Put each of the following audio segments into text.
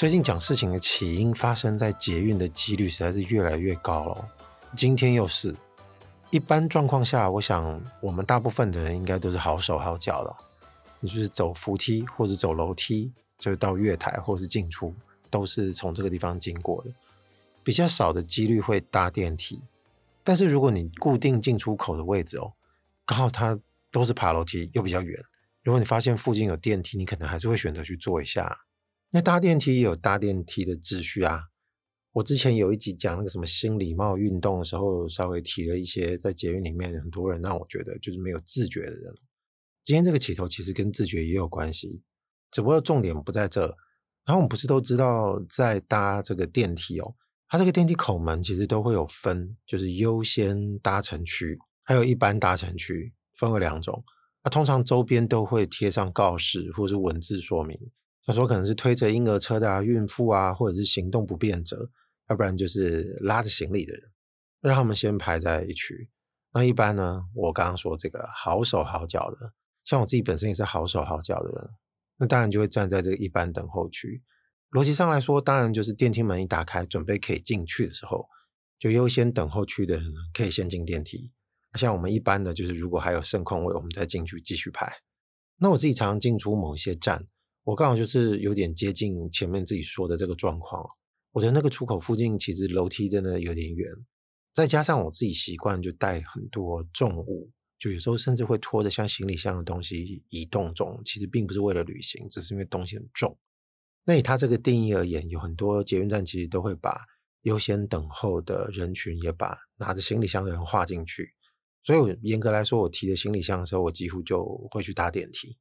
最近講事情的起因發生在捷運的幾率實在是越來越高了哦。今天又是，一般狀況下，我想我們大部分的人應該都是好手好腳的，你就是走扶梯或者走樓梯，就是到月台或者是進出，都是從這個地方經過的。比較少的幾率會搭電梯，但是如果你固定進出口的位置哦，剛好它都是爬樓梯又比較遠，如果你發現附近有電梯，你可能還是會選擇去坐一下。那搭電梯也有搭電梯的秩序啊！我之前有一集講那個什麼新禮貌運動的時候，稍微提了一些在捷運裡面很多人讓我覺得就是沒有自覺的人。今天這個起頭其實跟自覺也有關係，只不過重點不在這。然後我們不是都知道在搭這個電梯哦，它這個電梯口門其實都會有分，就是優先搭乘區，還有一般搭乘區，分為兩種啊。它通常周邊都會貼上告示或是文字說明。說可能是推着嬰兒車的啊、孕婦啊，或者是行動不便者，要不然就是拉着行李的人，讓他們先排在一區。那一般呢，我剛剛說這個好手好腳的，像我自己本身也是好手好腳的人，那當然就會站在這個一般等候區。邏輯上來說，當然就是電梯門一打開，準備可以進去的時候，就優先等候區的人可以先進電梯。像我們一般的就是如果還有剩空位，我們再進去繼續排。那我自己常常進出某些站。我剛好就是有點接近前面自己說的這個狀況。我覺得那個出口附近其實樓梯真的有點遠，再加上我自己習慣就帶很多重物，就有時候甚至會拖着像行李箱的東西移動中。其實並不是為了旅行，只是因為東西很重。那以他這個定義而言，有很多捷運站其實都會把優先等候的人群也把拿着行李箱的人劃進去。所以，我嚴格來說，我提着行李箱的時候，我幾乎就會去搭電梯。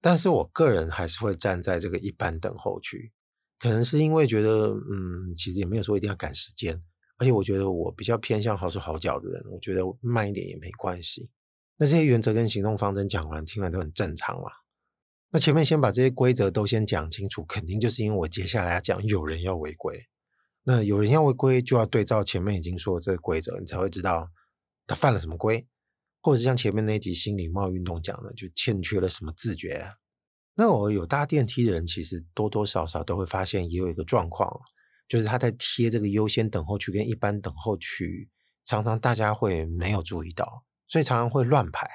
但是我個人還是會站在這個一般等候區，可能是因為覺得，嗯，其實也沒有說一定要趕時間，而且我覺得我比較偏向好手好腳的人，我覺得慢一點也沒關係。那這些原則跟行動方針講完，聽完都很正常嘛。那前面先把這些規則都先講清楚，肯定就是因為我接下來要講有人要違規，那有人要違規就要對照前面已經說的這個規則，你才會知道他犯了什麼規。或者是像前面那集新禮貌運動講的，就欠缺了什麼自覺、啊、那我有搭電梯的人，其實多多少少都會發現，也有一個狀況，就是他在貼這個優先等候區跟一般等候區，常常大家會沒有注意到，所以常常會亂排。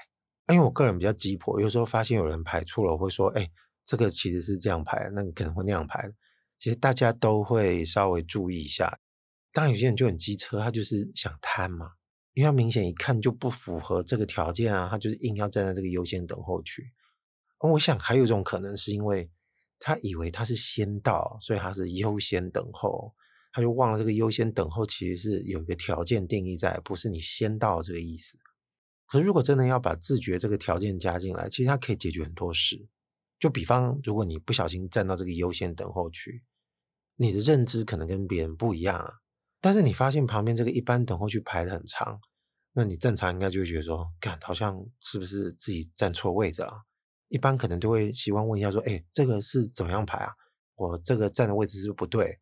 因為我個人比較急迫，有時候發現有人排錯了，我會說：“哎、欸，這個其實是這樣排，那個可能會那樣排。”其實大家都會稍微注意一下，當然有些人就很機車，他就是想貪嘛。因為他明顯一看就不符合這個條件啊，他就是硬要站在這個優先等候區。哦，我想還有一種可能是因為他以為他是先到，所以他是優先等候，他就忘了這個優先等候其實是有一個條件定義在，不是你先到這個意思。可是如果真的要把自覺這個條件加進來，其實它可以解決很多事。就比方，如果你不小心站到這個優先等候區，你的認知可能跟別人不一樣啊。但是你發現旁邊這個一般等候區排得很長，那你正常應該就會覺得說，感好像是不是自己站錯位置了？一般可能都會習慣問一下說，哎，這個是怎麼樣排啊？我這個站的位置是不是不對？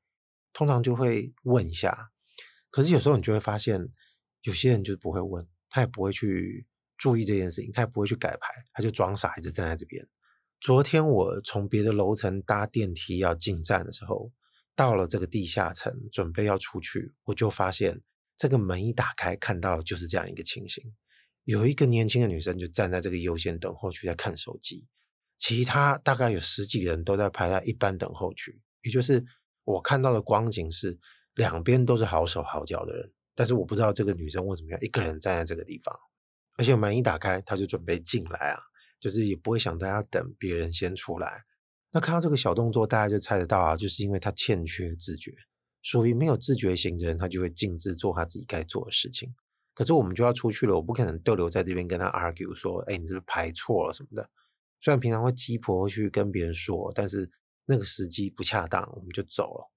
通常就會問一下。可是有時候你就會發現，有些人就是不會問，他也不會去注意這件事情，他也不會去改排，他就裝傻一直站在這邊。昨天我從別的樓層搭電梯要進站的時候。到了這個地下層，準備要出去，我就發現這個門一打開，看到的就是這樣一個情形：有一個年輕的女生就站在這個優先等候區在看手機，其他大概有十幾人都在排在一般等候區。也就是我看到的光景是兩邊都是好手好腳的人，但是我不知道這個女生為什麼要一個人站在這個地方，而且門一打開，她就準備進來啊，就是也不會想大家等別人先出來。那看到這個小動作，大家就猜得到啊，就是因為他欠缺自覺，屬於沒有自覺型的人，他就會儘自做他自己該做的事情。可是我們就要出去了，我不可能逗留在這邊跟他 argue 說，哎、欸，你是不是排錯了什麼的？雖然平常會雞婆會去跟別人說，但是那個時機不恰當，我們就走了。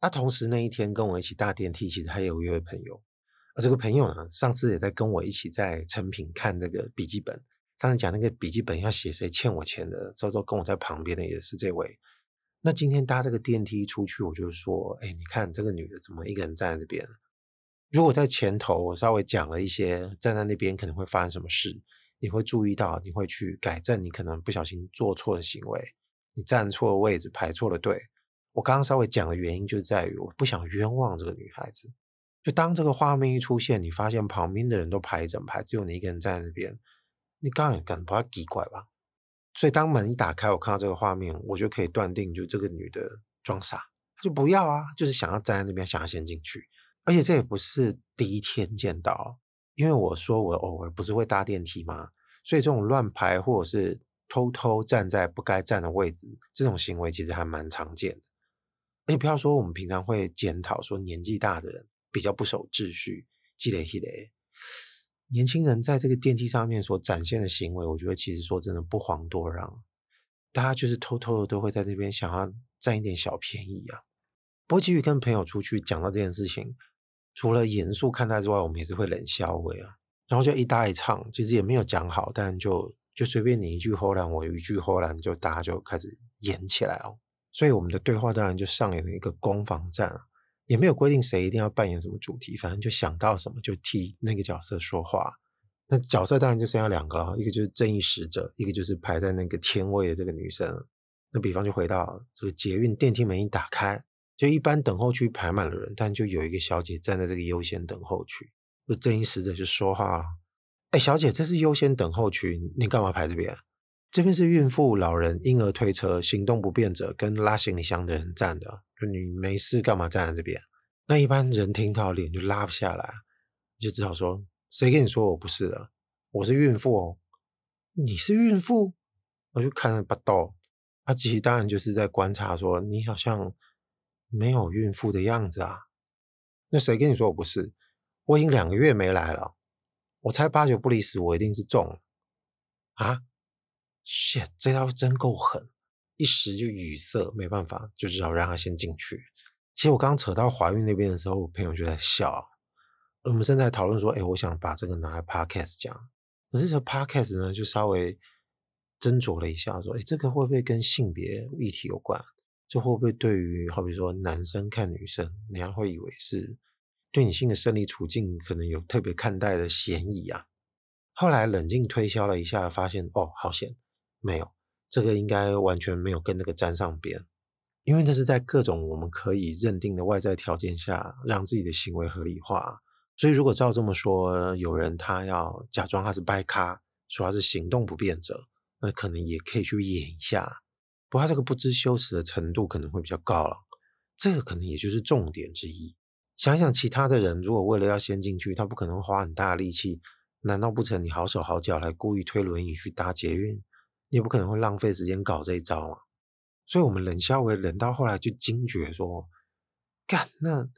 啊，同時那一天跟我一起搭電梯，其實還有一位朋友，啊，這個朋友呢，上次也在跟我一起在誠品看這個筆記本。上次講那個筆記本要寫誰欠我錢的，周周跟我在旁邊的也是這位。那今天搭這個電梯出去，我就說：“哎，你看這個女的怎麼一個人站在那邊？如果在前頭我稍微講了一些，站在那邊可能會發生什麼事，你會注意到，你會去改正你可能不小心做錯的行為，你站錯了位置，排錯了隊。我剛剛稍微講的原因就在於我不想冤枉這個女孩子。就當這個畫面一出現，你發現旁邊的人都排一整排，只有你一個人站在那邊。”你剛剛也感覺不太奇怪吧？所以當門一打開，我看到這個畫面，我就可以斷定，就這個女的裝傻，她就不要啊，就是想要站在那邊，想要先進去。而且這也不是第一天見到，因為我說我偶爾不是會搭電梯嗎？所以這種亂排或者是偷偷站在不該站的位置，這種行為其實還蠻常見的。而且不要說我們平常會檢討，說年紀大的人比較不守秩序，積累積累。年輕人在這個電梯上面所展現的行為，我覺得其實說真的不遑多讓。大家就是偷偷的都會在這邊想要占一點小便宜啊，不過繼續跟朋友出去講到這件事情。除了嚴肅看待之外，我們也是會冷笑話啊，然後就一搭一唱，其實也沒有講好，但就就隨便你一句後來我一句後來，就大家就開始演起來哦。所以我們的對話當然就上演了一個攻防戰啊。也沒有規定誰一定要扮演什麼主題，反正就想到什麼就替那個角色說話。那角色當然就剩下兩個了，一個就是正義使者，一個就是排在那個天位的這個女生。那比方就回到這個捷運電梯門一打開，就一般等候區排滿了人，但就有一個小姐站在這個優先等候區，就正義使者就說話了：“哎、欸，小姐，這是優先等候區，你幹嘛排這邊？”這邊是孕婦、老人、嬰兒推車、行動不便者跟拉行李箱的人站的，就你沒事幹嘛站在這邊？那一般人聽到臉就拉不下來，就只好說，誰跟你說我不是的？我是孕婦哦。你是孕婦？我就看不透啊。其實當然就是在觀察說，你好像沒有孕婦的樣子啊。那誰跟你說我不是？我已經兩個月沒來了，我猜八九不離十，我一定是中了啊。切，Shit, 這招真夠狠，一時就語塞，沒辦法，就只好讓他先進去。其實我剛剛扯到懷孕那邊的時候，我朋友就在笑。我們正在討論說，誒，我想把這個拿來 podcast 講。可是 podcast 呢，就稍微斟酌了一下，說，誒，這個會不會跟性別議題有關？就會不會對於好比說男生看女生，你還會以為是對女性的生理處境可能有特別看待的嫌疑啊？後來冷靜推銷了一下，發現，哦，好險。沒有，這個應該完全沒有跟那個沾上邊，因為這是在各種我們可以認定的外在條件下讓自己的行為合理化。所以，如果照這麼說，有人他要假裝他是掰咖，說他是行動不便者，那可能也可以去演一下，不過他這個不知羞恥的程度可能會比較高了。這個可能也就是重點之一。想一想其他的人，如果為了要先進去，他不可能會花很大的力氣，難道不成？你好手好腳，來故意推輪椅去搭捷運？你也不可能會浪費時間搞這一招嘛，所以我們冷笑話冷到後來就驚覺說，幹那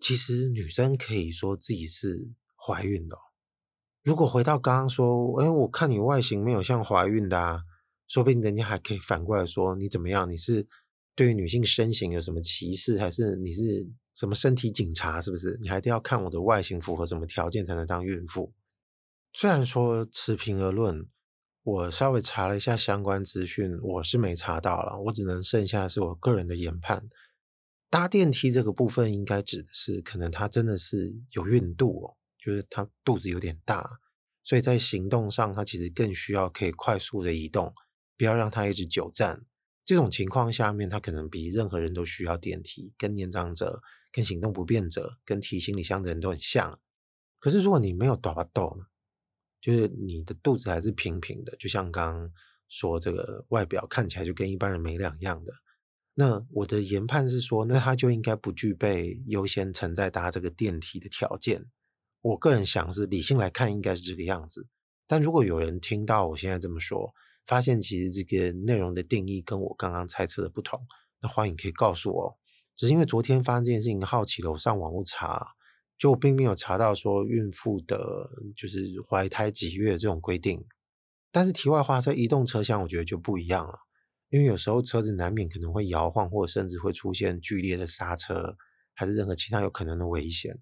其實女生可以說自己是懷孕的哦。如果回到剛剛說，欸，誒我看你外形沒有像懷孕的，啊，說不定人家還可以反過來說你怎麼樣？你是對於女性身形有什麼歧視，還是你是什麼身體警察？是不是？你還得要看我的外形符合什麼條件才能當孕婦？雖然說持平而論。我稍微查了一下相關資訊，我是沒查到了，我只能剩下是我個人的研判。搭電梯這個部分，應該指的是，可能他真的是有孕肚哦，就是他肚子有點大，所以在行動上他其實更需要可以快速的移動，不要讓他一直久站。這種情況下面，他可能比任何人都需要電梯，跟年長者、跟行動不便者、跟提行李箱的人都很像。可是如果你沒有短髮就是你的肚子還是平平的，就像剛剛說，這個外表看起來就跟一般人沒兩樣的。那我的研判是說，那他就應該不具備優先承載搭這個電梯的條件。我個人想是理性來看，應該是這個樣子。但如果有人聽到我現在這麼說，發現其實這個內容的定義跟我剛剛猜測的不同，那歡迎可以告訴我。只是因為昨天發生這件事情，好奇了，我上網去查。就我並沒有查到說孕婦的，就是懷胎幾月這種規定，但是題外話，這移動車廂，我覺得就不一樣了，因為有時候車子難免可能會搖晃，或者甚至會出現劇烈的剎車，還是任何其他有可能的危險。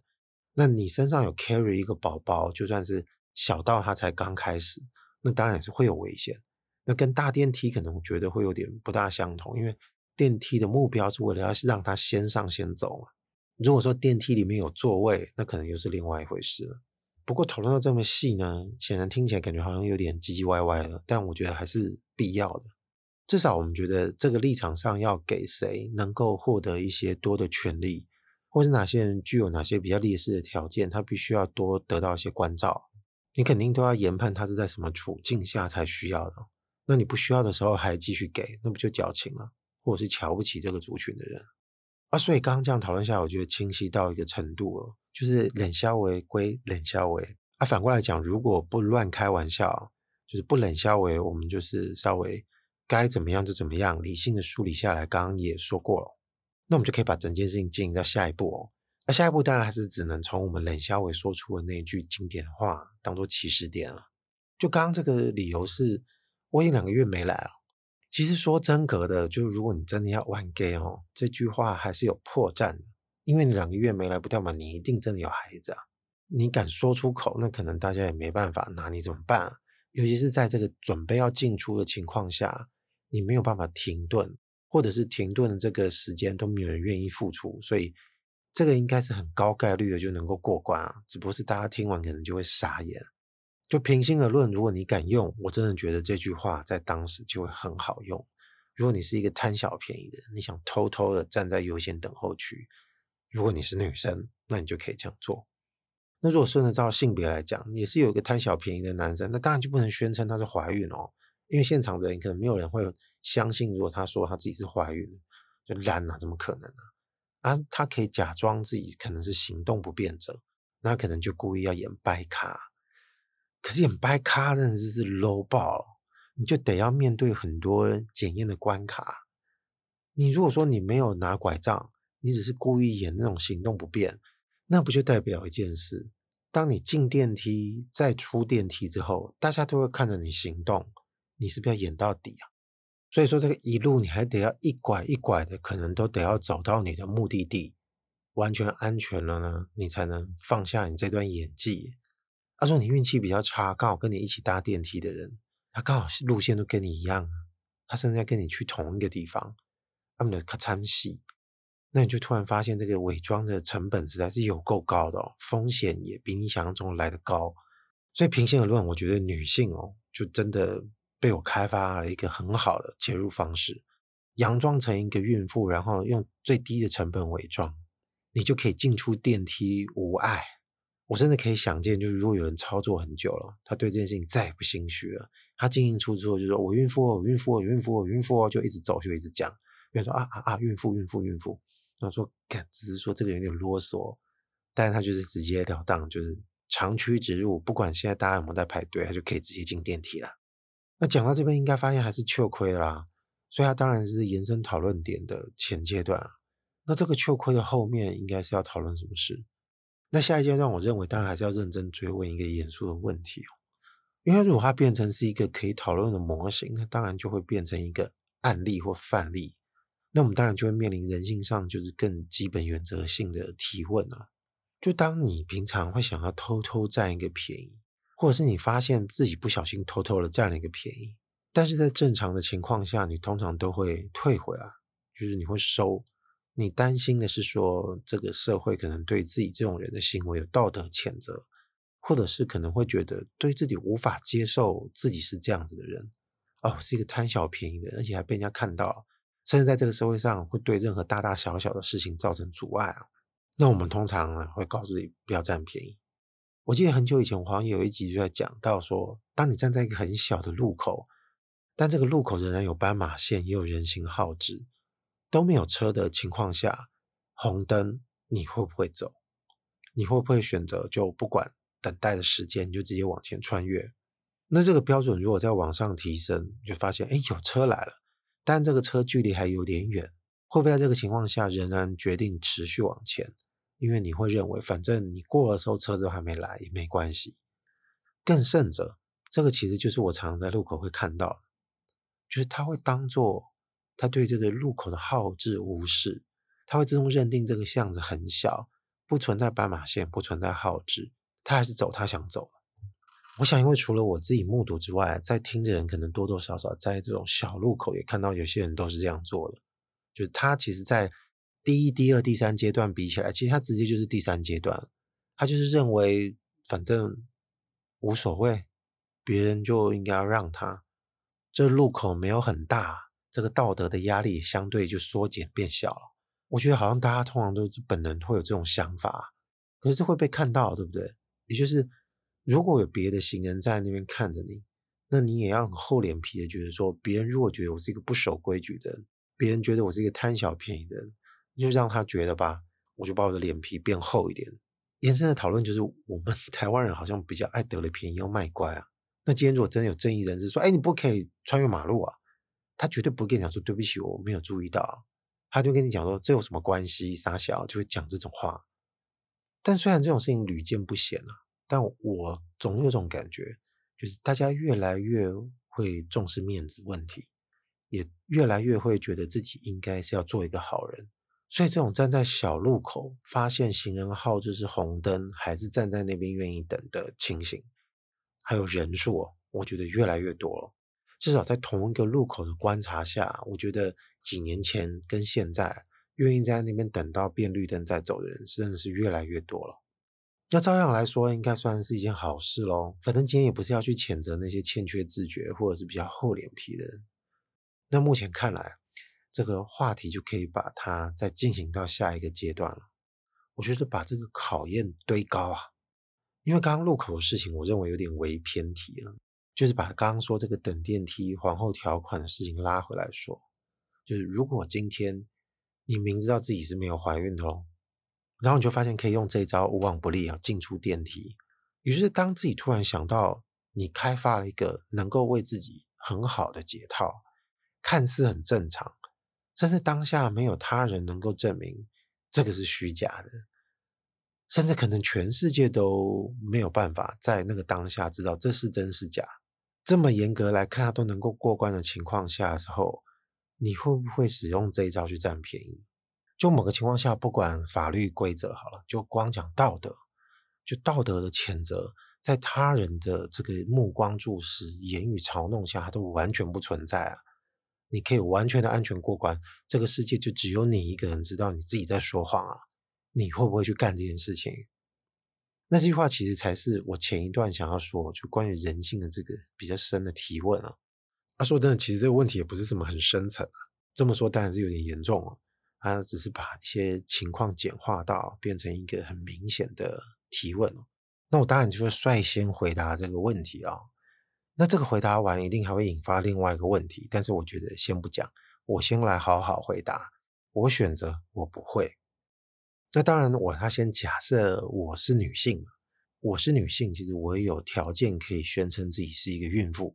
那你身上有 carry 一個寶寶，就算是小到他才剛開始，那當然也是會有危險。那跟搭電梯可能覺得會有點不大相同，因為電梯的目標是為了要讓他先上先走嘛。如果說電梯裡面有座位，那可能又是另外一回事了。不過討論到這麼細呢，顯然聽起來感覺好像有點唧唧歪歪的。但我覺得還是必要的，至少我們覺得這個立場上要給誰能夠獲得一些多的權利，或是哪些人具有哪些比較劣勢的條件，他必須要多得到一些關照。你肯定都要研判他是在什麼處境下才需要的。那你不需要的時候還繼續給，那不就矯情了？或者是瞧不起這個族群的人？啊，所以剛剛這樣討論下來，我覺得清晰到一個程度了，就是冷消微歸冷消微啊。反過來講，如果不亂開玩笑，就是不冷消微，我們就是稍微該怎麼樣就怎麼樣，理性的梳理下來，剛剛也說過了，那我們就可以把整件事情進行到下一步哦。那、啊、下一步當然還是只能從我們冷消微說出的那句經典話當做起始點了。就剛剛這個理由是，我已經兩個月沒來了。其實說真格的，就是如果你真的要 one gay 哦，這句話還是有破綻的，因為你兩個月沒來不掉嘛，你一定真的有孩子啊！你敢說出口，那可能大家也沒辦法拿你怎麼辦啊？尤其是在這個準備要進出的情況下，你沒有辦法停頓，或者是停頓的這個時間都沒有人願意付出，所以這個應該是很高概率的就能夠過關啊，只不過是大家聽完可能就會傻眼。就平心而論，如果你敢用，我真的覺得這句話在當時就會很好用。如果你是一個貪小便宜的人，你想偷偷的站在優先等候區；如果你是女生，那你就可以這樣做。那如果順着照性別來講，也是有一個貪小便宜的男生，那當然就不能宣稱他是懷孕哦，因為現場的人可能沒有人會相信。如果他說他自己是懷孕，就爛哪、啊，怎麼可能呢、啊？啊，他可以假裝自己可能是行動不便者，那可能就故意要演掰卡。可是演掰咖真的是 low 爆，你就得要面對很多檢驗的關卡。你如果說你沒有拿拐杖，你只是故意演那種行動不便，那不就代表一件事：當你進電梯再出電梯之後，大家都會看着你行動，你是不是要演到底啊？所以說這個一路你還得要一拐一拐的，可能都得要走到你的目的地，完全安全了呢，你才能放下你這段演技。他說：“你運氣比較差，剛好跟你一起搭電梯的人，他剛好路線都跟你一樣，他甚至跟你去同一個地方，他們的客艙係，那你就突然發現這個偽裝的成本實在是有夠高的，哦，風險也比你想象中來得高。所以，平心而論，我覺得女性哦，就真的被我開發了一個很好的切入方式，佯裝成一個孕婦，然後用最低的成本偽裝，你就可以進出電梯無礙。”我真的可以想見，就是如果有人操作很久了，他對這件事情再也不心虛了。他進進出出就說、是、我、哦、孕婦、哦，我孕婦、哦，我孕婦、哦，我孕，、哦、孕婦哦，就一直走，就一直講。有人說啊啊啊，孕婦，孕婦，孕婦。然後說感，只是說這個有點囉嗦、哦，但是他就是直截了當，就是長驅直入，不管現在大家有沒有在排隊，他就可以直接進電梯了。那講到這邊，應該發現還是秋虧啦、啊，所以他當然是延伸討論點的前階段、啊。那這個秋虧的後面，應該是要討論什麼事？那下一階段我認為，當然還是要認真追問一個嚴肅的問題哦、啊。因為如果它變成是一個可以討論的模型，那當然就會變成一個案例或範例。那我們當然就會面臨人性上就是更基本原則性的提問了、啊。就當你平常會想要偷偷占一個便宜，或者是你發現自己不小心偷偷的占了一個便宜，但是在正常的情況下，你通常都會退回來，就是你會收。你擔心的是說，這個社會可能對自己這種人的行為有道德譴責，或者是可能會覺得對自己無法接受自己是這樣子的人，哦，是一個貪小便宜的，而且還被人家看到，甚至在這個社會上會對任何大大小小的事情造成阻礙啊。那我們通常會告訴自己不要占便宜。我記得很久以前，我好像有一集就在講到說，當你站在一個很小的路口，但這個路口仍然有斑馬線，也有人行號誌。都沒有車的情況下，紅燈你會不會走？你會不會選擇就不管等待的時間，你就直接往前穿越？那這個標準如果再往上提升，你就發現，哎，有車來了，但這個車距離還有點遠，會不會在這個情況下仍然決定持續往前？因為你會認為，反正你過了時候車都還沒來，也沒關係。更甚者，這個其實就是我常在路口會看到的，就是他會當做。他對這個路口的號誌無視，他會自動認定這個巷子很小，不存在斑馬線，不存在號誌，他還是走他想走。我想，因為除了我自己目睹之外，在聽的人可能多多少少在這種小路口也看到有些人都是這樣做的，就是他其實，在第一、第二、第三階段比起來，其實他直接就是第三階段，他就是認為反正無所謂，別人就應該要讓他，這路口沒有很大。這個道德的壓力也相對就縮減變小了。我覺得好像大家通常都本能會有這種想法，可是這會被看到，對不對？也就是如果有別的行人在那邊看着你，那你也要很厚臉皮的覺得說，別人如果覺得我是一個不守規矩的人，別人覺得我是一個貪小便宜的人，就讓他覺得吧，我就把我的臉皮變厚一點。延伸的討論就是，我們台灣人好像比較愛得了便宜又賣乖啊。那今天如果真的有正義人士說，哎，你不可以穿越馬路啊。他絕對不會跟你講說對不起，我沒有注意到，啊，他就跟你講說這有什麼關係？三小就會講這種話。但雖然這種事情屢見不鮮啊，但我總有這種感覺，就是大家越來越會重視面子問題，也越來越會覺得自己應該是要做一個好人。所以這種站在小路口發現行人號就是紅燈，還是站在那邊願意等的情形，還有人數，我覺得越來越多了。至少在同一個路口的觀察下，我覺得幾年前跟現在，願意在那邊等到變綠燈再走的人，真的是越來越多了。那照樣來說，應該算是一件好事嘍。反正今天也不是要去譴責那些欠缺自覺或者是比較厚臉皮的人。那目前看來，這個話題就可以把它再進行到下一個階段了。我覺得把這個考驗堆高啊，因為剛剛路口的事情，我認為有點微偏題了。就是把剛剛說這個等電梯皇后條款的事情拉回來說，就是如果今天你明知道自己是沒有懷孕的囉，然後你就發現可以用這招無往不利啊進出電梯。於是當自己突然想到你開發了一個能夠為自己很好的解套，看似很正常，甚至當下沒有他人能夠證明這個是虛假的，甚至可能全世界都沒有辦法在那個當下知道這是真是假。這麼嚴格來看，他都能夠過關的情況下的時候，你會不會使用這一招去佔便宜？就某個情況下，不管法律規則好了，就光講道德，就道德的譴責，在他人的這個目光注視、言語嘲弄下，他都完全不存在啊！你可以完全的安全過關，這個世界就只有你一個人知道你自己在說謊啊！你會不會去幹這件事情？那這句話其實才是我前一段想要說，就關於人性的這個比較深的提問啊，啊。他說：“真的，其實這個問題也不是什麼很深層、啊，這麼說當然是有點嚴重了。他只是把一些情況簡化到變成一個很明顯的提問哦、啊，那我當然就會率先回答這個問題哦、啊。那這個回答完，一定還會引發另外一個問題，但是我覺得先不講，我先來好好回答。我選擇，我不會。”那當然，我要先假設我是女性，我是女性，其實我也有條件可以宣稱自己是一個孕婦。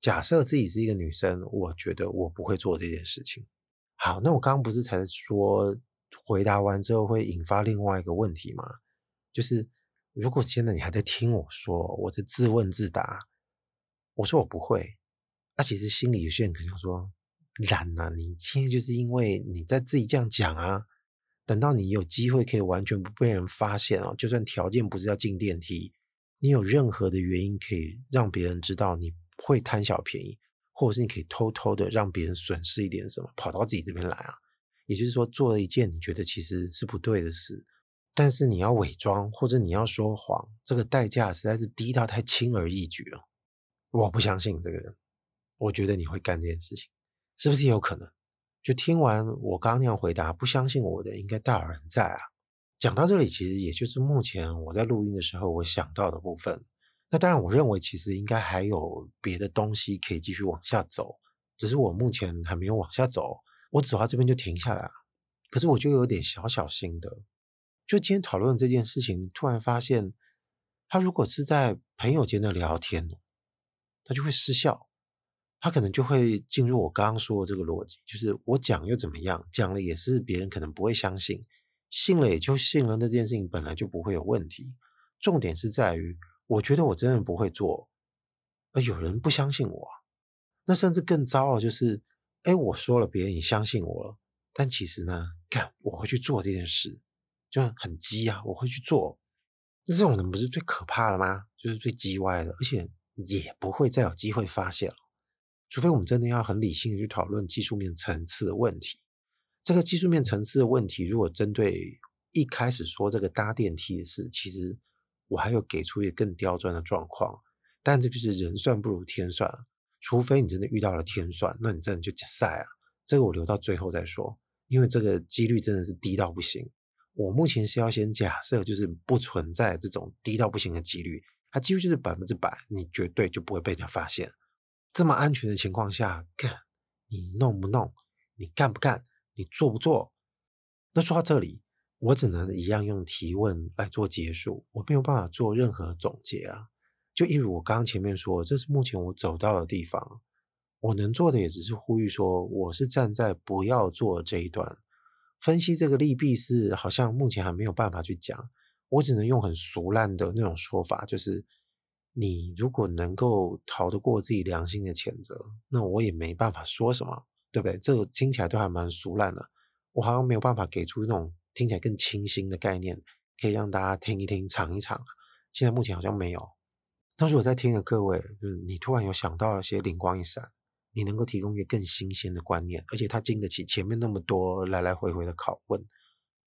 假設自己是一個女生，我覺得我不會做這件事情。好，那我剛剛不是才說回答完之後會引發另外一個問題嗎？就是如果現在你還在聽我說，我在自問自答，我說我不會，那其實心裡有些人可能說懶吶、啊，你現在就是因為你在自己這樣講啊。等到你有機會可以完全不被人發現哦，就算條件不是要進電梯，你有任何的原因可以讓別人知道你會貪小便宜，或者是你可以偷偷的讓別人損失一點什麼，跑到自己這邊來啊。也就是說，做了一件你覺得其實是不對的事，但是你要偽裝或者你要說謊，這個代價實在是低到太輕而易舉了。我不相信這個人，我覺得你會幹這件事情，是不是有可能？就聽完我剛那樣回答，不相信我的應該大有人在啊。講到這裡，其實也就是目前我在錄音的時候我想到的部分。那當然，我認為其實應該還有別的東西可以繼續往下走，只是我目前還沒有往下走，我走到這邊就停下來了。可是我就有點小小心得，就今天討論的這件事情，突然發現他如果是在朋友間的聊天，他就會失效。他可能就會進入我剛剛說的這個邏輯，就是我講又怎麼樣，講了也是別人可能不會相信，信了也就信了，那件事情本來就不會有問題。重點是在於，我覺得我真的不會做，而有人不相信我，那甚至更糟的就是，哎、欸，我說了，別人也相信我了，但其實呢，幹我會去做這件事，就很雞啊，我會去做，這種人不是最可怕的嗎？就是最雞歪的，而且也不會再有機會發現了。除非我們真的要很理性的去討論技術面層次的問題，這個技術面層次的問題，如果針對一開始說這個搭電梯的事，其實我還有給出一個更刁鑽的狀況，但這就是人算不如天算，除非你真的遇到了天算，那你真的就賽啊！這個我留到最後再說，因為這個幾率真的是低到不行。我目前是要先假設，就是不存在這種低到不行的幾率，它幾乎就是百分之百，你絕對就不會被人家發現。這麼安全的情況下，幹你弄不弄？你幹不幹？你做不做？那說到這裡，我只能一樣用提問來做結束，我沒有辦法做任何總結啊。就一如我剛剛前面說，這是目前我走到的地方，我能做的也只是呼籲說，我是站在不要做這一段分析，這個利弊是好像目前還沒有辦法去講，我只能用很俗爛的那種說法，就是。你如果能夠逃得過自己良心的譴責，那我也沒辦法說什麼，對不對？這個聽起來都還蠻俗爛的，我好像沒有辦法給出那種聽起來更清新的概念，可以讓大家聽一聽、嘗一嘗。現在目前好像沒有。但是我在聽的各位，就是、你突然有想到一些靈光一閃，你能夠提供一個更新鮮的觀念，而且他經得起前面那麼多來來回回的拷問，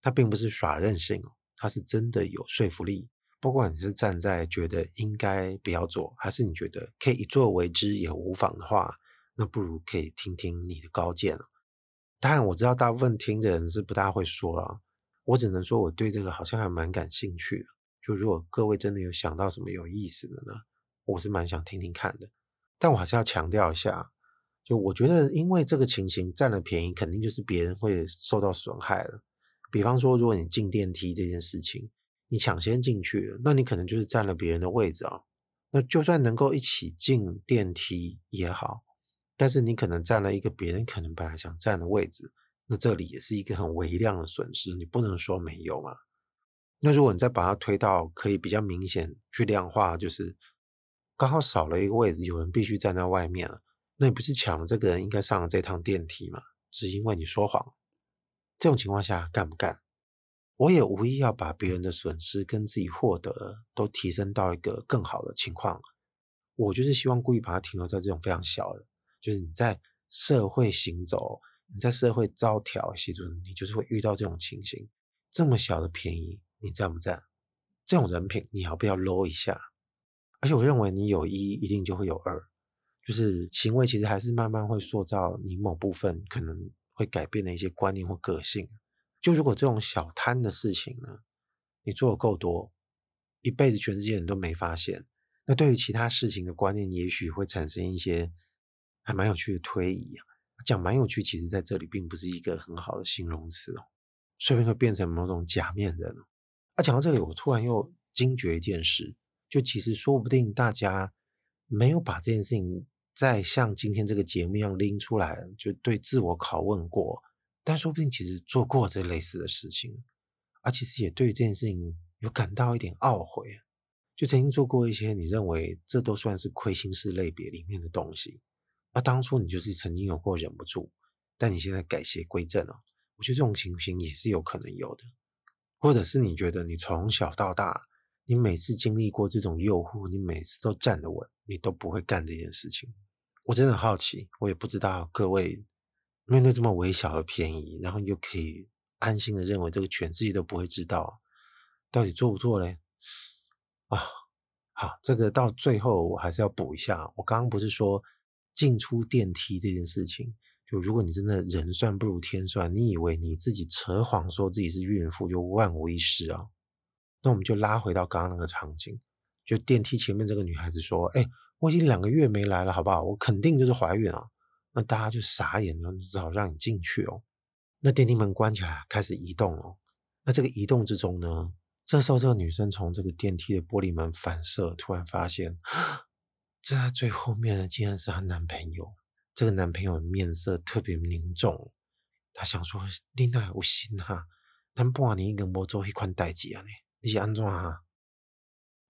他並不是耍任性哦，他是真的有說服力。不管你是站在覺得應該不要做，還是你覺得可以一做為之也無妨的話，那不如可以聽聽你的高見啊。當然，我知道大部分聽的人是不大會說了啊，我只能說我對這個好像還蠻感興趣的。就如果各位真的有想到什麼有意思的呢，我是蠻想聽聽看的。但我還是要強調一下，就我覺得因為這個情形佔了便宜，肯定就是別人會受到損害了。比方說，如果你進電梯這件事情。你搶先進去，那你可能就是占了別人的位置啊、哦。那就算能夠一起進電梯也好，但是你可能占了一個別人可能本來想占的位置，那這裡也是一個很微量的損失，你不能說沒有嘛。那如果你再把它推到可以比較明顯去量化，就是剛好少了一個位置，有人必須站在外面了，那你不是搶了這個人應該上了這趟電梯嗎？是因為你說謊，這種情況下幹不幹？我也無意要把別人的損失跟自己獲得都提升到一個更好的情況，我就是希望故意把它停留在這種非常小的，就是你在社會行走，你在社會遭挑釁，你就是會遇到這種情形，這麼小的便宜你占不占？這種人品你要不要 low 一下？而且我認為你有一一，定就會有二，就是行為其實還是慢慢會塑造你某部分可能會改變的一些觀念或個性。就如果這種小貪的事情呢，你做的夠多，一輩子全世界人都沒發現，那對於其他事情的觀念，也許會產生一些還蠻有趣的推移啊。講蠻有趣，其實在這裡並不是一個很好的形容詞哦，說不定會變成某種假面人。啊，講到這裡，我突然又驚覺一件事，就其實說不定大家沒有把這件事情再像今天這個節目一樣拎出來，就對自我拷問過。但說不定其實做過這類似的事情，而、啊、其實也對這件事情有感到一點懊悔，就曾經做過一些你認為這都算是虧心事類別裡面的東西，而、啊、當初你就是曾經有過忍不住，但你現在改邪歸正了，我覺得這種情形也是有可能有的，或者是你覺得你從小到大，你每次經歷過這種誘惑，你每次都站得穩，你都不會幹這件事情，我真的好奇，我也不知道各位。面對這麼微小的便宜，然後你就可以安心的認為這個犬自己都不會知道到底做不做嘞？啊，好，這個到最後我還是要補一下。我剛剛不是說進出電梯這件事情，就如果你真的人算不如天算，你以為你自己扯謊說自己是孕婦就萬無一失啊？那我們就拉回到剛剛那個場景，就電梯前面這個女孩子說，哎，我已經兩個月沒來了，好不好？我肯定就是懷孕了。那大家就傻眼了，只好讓你進去哦。那電梯門關起來，開始移動哦。那這個移動之中呢，這時候這個女生從這個電梯的玻璃門反射，突然發現這在最後面的竟然是她男朋友。這個男朋友面色特別凝重，他想說：“你那有心哈，咱半年都無做迄款代誌啊，你你是安怎？”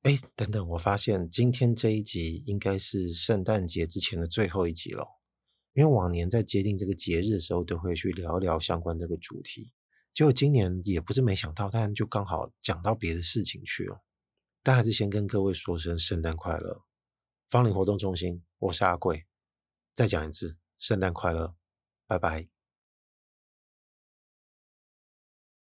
哎，等等，我發現今天這一集應該是聖誕節之前的最後一集了。因為往年在接近這個節日的時候，都會去聊聊相關這個主題。結果今年也不是沒想到，但就剛好講到別的事情去了。但還是先跟各位說聲聖誕快樂，芳鄰活動中心，我是阿貴。再講一次，聖誕快樂，拜拜。